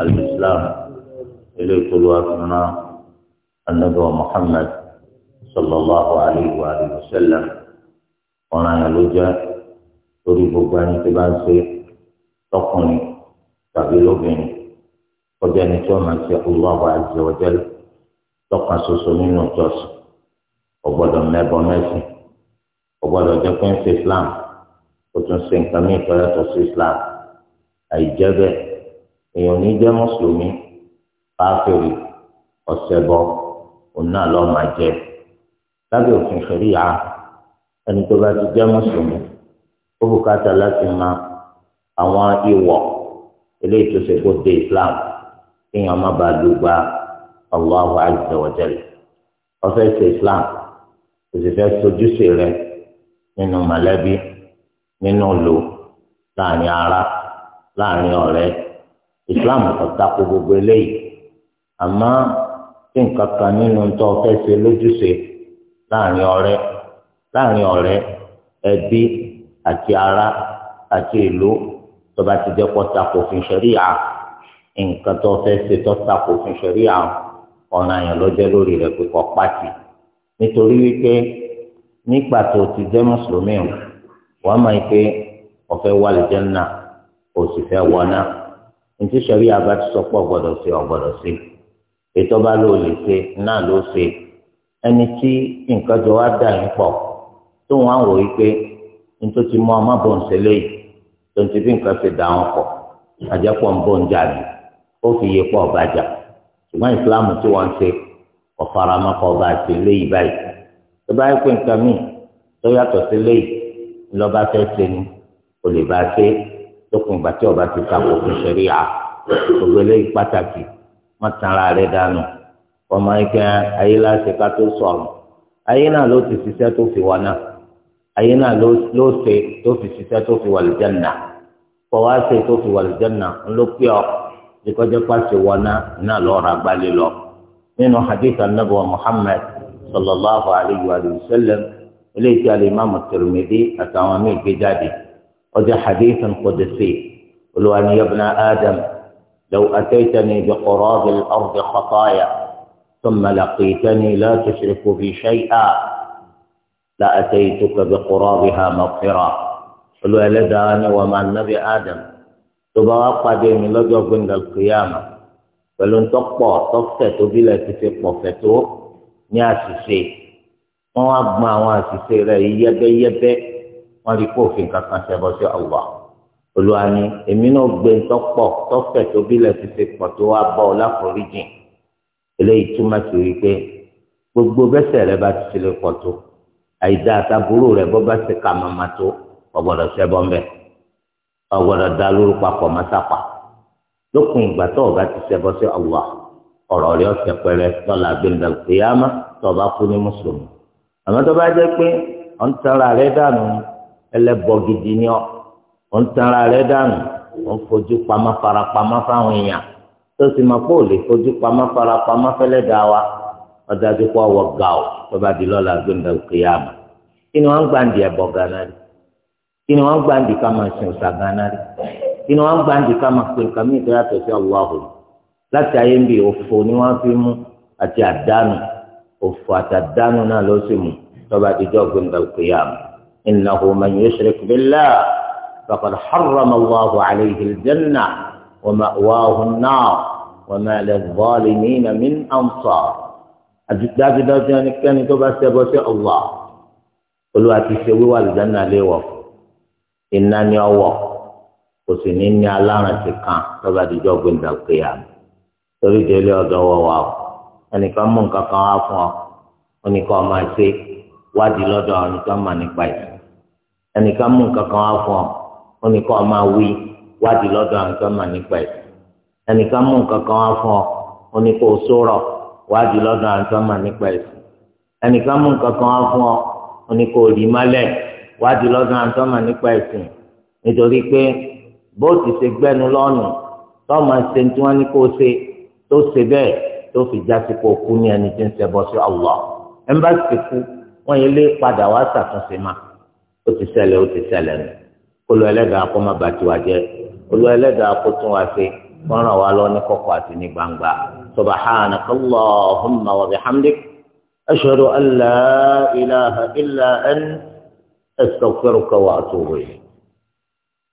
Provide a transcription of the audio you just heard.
alìsílám ilé ìtòlú àfihàn anábọ̀ Muhammad sallallahu alayhi wa sallam ọ̀ràn yẹn ló jẹ́ lórí gbogbo ẹni tí bá ń ṣe lọ́kùnrin tàbí lóbìnrin kọjá ẹni tí wọ́n máa ṣe Allahu azza wa jalla lọ́kàn ṣoṣo nínú ìjọsìn ọ̀gbọ́dọ̀ mẹ́bọ mẹ́sìn ọ̀gbọ́dọ̀ jẹ́ pé ń ṣe Islam ó tún ṣe nǹkan mìíràn tó yàtọ̀ sí Islam àìjẹ́ bẹ́ẹ̀ èèyàn ní jẹ́ mùsùlùmí káfíìrì ọ̀sẹ̀bọ òun náà lọ́ọ́ máa jẹ lábẹ́ òfin ṣẹ̀ríyà ẹni tó bá ti jẹ́ mùsùlùmí ó bùkátà láti ma àwọn ìwọ̀ eléyìí tó ṣe kó de Islam kéèyàn má bàa lù gba Allahu azza wa ọfẹ́ ṣe Islam òṣìṣẹ́ sojúṣe rẹ nínú mọ̀lẹ́bí nínú lò láàrin ara láàrin ọ̀rẹ́ islam kò tako gbogbo eléyìí àmọ́ tí nǹkan kan nínú tó o fẹ́ ṣe lójúṣe láàrin ọ̀rẹ́ láàrin ọ̀rẹ́ ẹbí àti ará àti ìlú tó bá ti jẹ́ kó tako òfin ṣẹ̀ríà nǹkan tó o fẹ́ ṣe tó tako òfin ṣẹ̀ríà ọ̀ràn yẹn ló jẹ́ lórí rẹ̀ pé kó pàtì nítorí wípé nígbà tó o ti jẹ́ mùsùlùmí wàá máa ń pé o wà lìjẹ́ náà o sì fẹ́ wọ náà ntí sọ̀rí àbá ti sọ pé ọ̀gbọ́dọ̀ ṣe ọ̀gbọ́dọ̀ ṣe ètò ọba ló lè ṣe náà ló ṣe ẹni tí nǹkan jọ wá dà yín pọ̀ tó wọn á wò yí pé nítorí ti mú ọmọ bò ń ṣe léyìí tó ń ti fi nǹkan ṣe dà wọn pọ̀ àjẹpọ̀ ń bò ń jà ní ó fi yé pọ̀ ọba jà ṣùgbọ́n ìsìláàmù tí wọ́n ń ṣe ọ̀faramọ́kọ̀ ọba àti léyìí báyìí tó bá yẹ pé nǹkan míì tó yàtọ̀ sí léyìí ńlọba fẹ́ ṣe ni kò lè bá ṣe é lókun ìgbà tí ọba ti kàwé òfin ṣẹlẹ à gbogbo eléyìí pàtàkì má tan ara rẹ dànù ọmọ ike ayé láti ká tó sọ̀rọ̀ ayé náà ló ti ṣiṣẹ́ tó fi wà náà ayé náà ló ṣe tó fi ṣiṣẹ́ tó fi wà lìjẹnà fọwọ́ ṣe tó fi wà lìjẹnà ńlọ ọ ìkọjá pàṣẹ wà náà náà lọ́ọ́ ra lọ nínú hadith anabi wa muhammad sallallahu alayhi wa sallam eléyìí tí a lè má mọ̀ tìrìmìdì àtàwọn míì ọjọ́ hadith qudsi olùwàní yabna adam law ataytani bi qurabi al-ardi khataya thumma laqitani la tushriku bi shay'a la ataytuka bi qurabiha maghfira olùwàlẹ́dàá ni wàmà nàbì adam tó bá wá pàdé mi lọ́jọ́ gbẹ̀ngàn kìyàmà pẹ̀lú ntọ́pọ̀ tọ́fẹ̀ tó bílẹ̀ ti fi pọ̀fẹ̀ tó ní àṣìṣe wọ́n wá gbọ́n àwọn àṣìṣe rẹ̀ yẹ́bẹ́yẹ́bẹ́ wọn rí kó òfin kankan ṣẹbọ sí Allah olúwa ni èmi náà gbé tọ́pọ̀ tọ́fẹ̀ tó bílẹ̀ ti ṣe pọ̀ tó wá láforíjìn eléyìí gbogbo bẹ́sẹ̀ rẹ bá ti ṣe lè tó àìdá àtàbúrò rẹ bọ bá ṣe kà màmá tó ọ̀gbọ̀dọ̀ ṣẹbọ lókun ìgbà tó sí rẹ pẹrẹ kú ní mùsùlùmí tó bá pé ọ̀ ẹlẹ́bọ gidi ni ọ́ ò ń tan ara rẹ dànù ò ń fojú pamọ́ farapamọ́ fáwọn èèyàn tó sì máa kó lè fojú pamọ́ farapamọ́ fẹ́lẹ́ dà wa ọ̀dájú kó wọ ga ọ́ tó bá di lọ́la gbẹ̀ndà òkè yá ma kí ni wọ́n ń gbàǹdì ẹ̀bọ gánà rí kí ni wọ́n ń gbàǹdì ká máa sìn òòṣà gánà rí kí ni wọ́n ń gbàǹdì ká máa pè nǹkan mìíràn yàtọ̀ sí Allahu láti ayé ń bi òfò ni wọ́n fi mú àti àdánù òfò àtàdánù náà ló sì mú tó bá di jọ́ gbẹ̀ndà òkè yá إنه من يشرك بالله فقد حرم الله عليه الجنة ومأواه النار وما للظالمين من أنصار أجداد دوجان كان تبا سبوس الله قلوا أتسوي والجنة ليوف إنني أوف وسنيني على نسكا تبا تجوب عند القيامة تريد لي أدوا واو أني كم من كاكا أفوا أني كم أسيك wádìí lọ́dọ̀ àwọn nìkan mà nípa ìsìn ẹnìkan mú nǹkan kan wá fún ọ ó ní kó o máa wí wádìí lọ́dọ̀ àwọn nìkan mà nípa ìsìn ẹnìkan mú nǹkan kan wá fún ọ ó ní kó o sọ̀rọ̀ wádìí lọ́dọ̀ àwọn nìkan mà nípa ìsìn ẹnìkan mú nǹkan wá fún ọ ó ní kó o rí mọ́lẹ̀ wádìí lọ́dọ̀ àwọn nìkan mà nípa ìsìn nítorí pé bó ti ṣe gbẹ́nu lọ́nù tó ṣe tí wọ́n ní kó o ṣe tó ṣe bẹ́ẹ̀ tó fi já sí kó o kú ní ẹni tí ń ṣẹbọ sí Allah ẹ̀ ń bá ṣe kú wọn yìí lé padà wá ṣàtúnṣe ma ó ti ṣẹlẹ̀ ó ti ṣẹlẹ̀ nù olú ẹlẹ́dàá kó má bàtí wa jẹ́ olú ẹlẹ́dàá kó tún wa ṣe wọn ràn wá lọ ní kọ̀kọ̀ àti ní gbangba subhanaka allahumma wa bihamdik ashhadu an la ilaha illa ant astaghfiruka wa atubu ilayk.